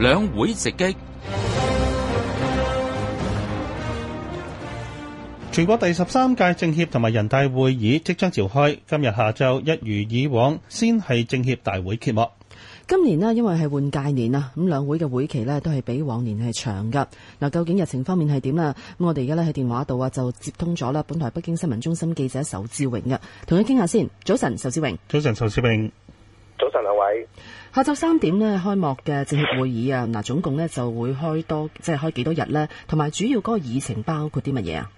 兩會直擊，全國第十三屆政協同埋人大會議即將召開。今日下晝一如以往，先係政協大會揭幕。今年呢，因為係換屆年啊，咁兩會嘅會期呢都係比往年係長嘅。嗱，究竟日程方面係點啊？咁我哋而家呢喺電話度啊，就接通咗啦。本台北京新聞中心記者仇志榮嘅，同佢傾下先。早晨，仇志榮。早晨，仇志榮。早晨啊！下晝三點呢開幕嘅政協會議啊，嗱，總共呢就會開多，即係開幾多日呢？同埋主要嗰個議程包括啲乜嘢啊？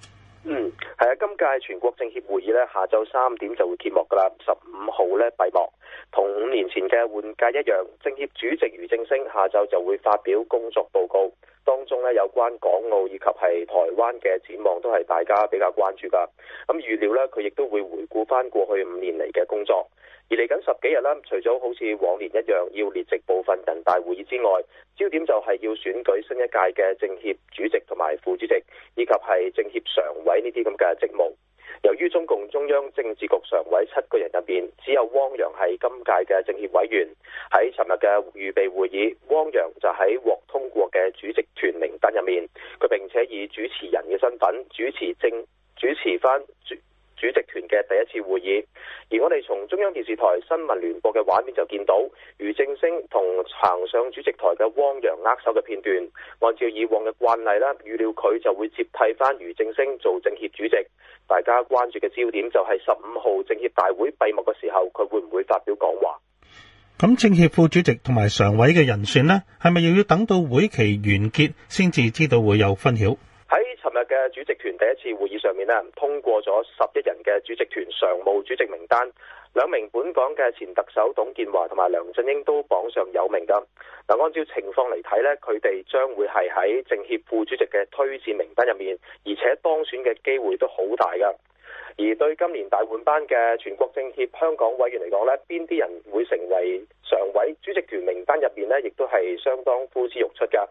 嗯，係。今屆全國政協會議呢，下晝三點就會揭幕噶啦，十五號呢閉幕。同五年前嘅換屆一樣，政協主席俞正聲下晝就會發表工作報告，當中呢，有關港澳以及係臺灣嘅展望都係大家比較關注噶。咁、啊、預料呢，佢亦都會回顧翻過去五年嚟嘅工作。而嚟緊十幾日啦，除咗好似往年一樣要列席部分人大會議之外，焦點就係要選舉新一屆嘅政協主席同埋副主席，以及係政協常委呢啲咁嘅政。由於中共中央政治局常委七個人入邊，只有汪洋係今屆嘅政協委員。喺尋日嘅預備會議，汪洋就喺獲通過嘅主席團名單入面，佢並且以主持人嘅身份主持政主持翻主席團嘅第一次會議，而我哋從中央電視台新聞聯播嘅畫面就見到俞正聲同行上主席臺嘅汪洋握手嘅片段。按照以往嘅慣例啦，預料佢就會接替翻俞正聲做政協主席。大家關注嘅焦點就係十五號政協大會閉幕嘅時候，佢會唔會發表講話？咁政協副主席同埋常委嘅人選呢，係咪又要等到會期完結先至知道會有分曉？嘅主席團第一次會議上面咧，通過咗十一人嘅主席團常務主席名單，兩名本港嘅前特首董建華同埋梁振英都榜上有名噶。嗱，按照情況嚟睇咧，佢哋將會係喺政協副主席嘅推薦名單入面，而且當選嘅機會都好大噶。而對今年大換班嘅全國政協香港委員嚟講咧，邊啲人會成為常委主席團名單入面咧，亦都係相當呼之欲出噶。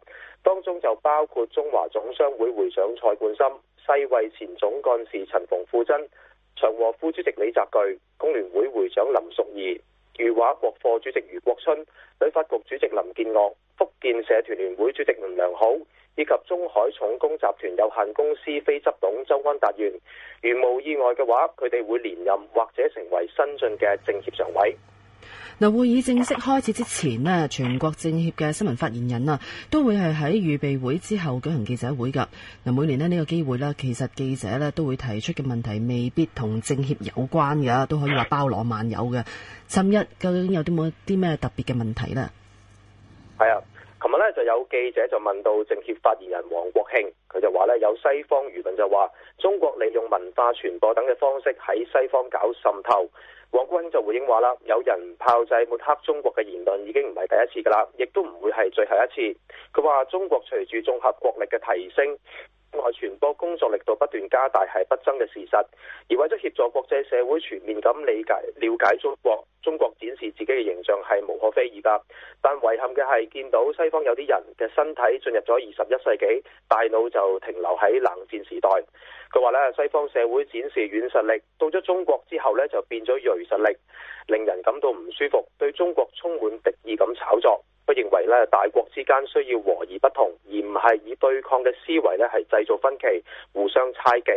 包括中華總商會會長蔡冠深、世衛前總幹事陳馮富珍、長和副主席李澤钜、工聯會會長林淑儀、裕華國貨主席余國春、旅發局主席林建岳、福建社團聯會主席吳良好，以及中海重工集團有限公司非執董周安達源。如無意外嘅話，佢哋會連任或者成為新晉嘅政協常委。嗱，會議正式開始之前咧，全國政協嘅新聞發言人啊，都會係喺預備會之後舉行記者會㗎。嗱，每年咧呢個機會咧，其實記者咧都會提出嘅問題未必同政協有關㗎，都可以話包羅萬有嘅。尋日，究竟有啲冇啲咩特別嘅問題呢？係啊，琴日咧就有記者就問到政協發言人王國慶，佢就話咧有西方輿論就話中國利用文化傳播等嘅方式喺西方搞滲透。王國慶就回應話啦，有人炮製抹黑中國嘅言論已經唔係第一次㗎啦，亦都唔會係最後一次。佢話：中國隨住綜合國力嘅提升，外傳播工作力度不斷加大係不爭嘅事實，而為咗協助國際社會全面咁理解瞭解中國，中國展示自己嘅形象係無可非議噶。但遺憾嘅係，見到西方有啲人嘅身體進入咗二十一世紀，大腦就停留喺冷戰時代。佢話咧，西方社會展示軟實力，到咗中國之後呢，就變咗銳實力，令人感到唔舒服，對中國充滿敵意咁炒作。我認為咧，大國之間需要和而不同，而唔係以對抗嘅思維咧係製造分歧，互相猜忌。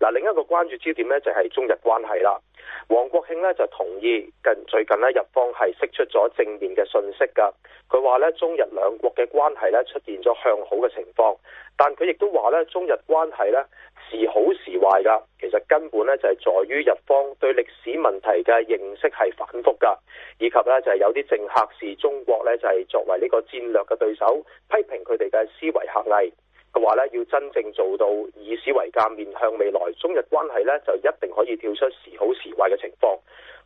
嗱，另一個關注焦點咧就係中日關係啦。王國慶呢就同意近最近咧日方係釋出咗正面嘅信息噶。佢話咧，中日兩國嘅關係咧出現咗向好嘅情況，但佢亦都話咧，中日關係咧時好時壞噶。其實根本咧就係在於日方對歷史問題嘅認識係反覆噶。以及咧就係有啲政客視中國咧就係、是、作為呢個戰略嘅對手，批評佢哋嘅思維狹隘。佢話咧，要真正做到以史為鑒，面向未來，中日關係咧就一定可以跳出時好時壞嘅情況。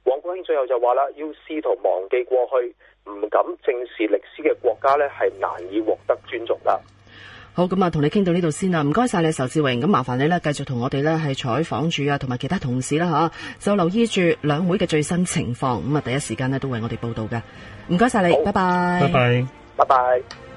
王國興最後就話啦，要試圖忘記過去，唔敢正視歷史嘅國家咧，係難以獲得尊重啦。好，咁啊，同你傾到呢度先啦，唔該晒你，仇志榮，咁麻煩你咧，繼續同我哋咧係採訪住啊，同埋其他同事啦吓，就留意住兩會嘅最新情況，咁啊，第一時間咧都為我哋報道嘅，唔該晒你，拜拜好，拜拜，拜拜。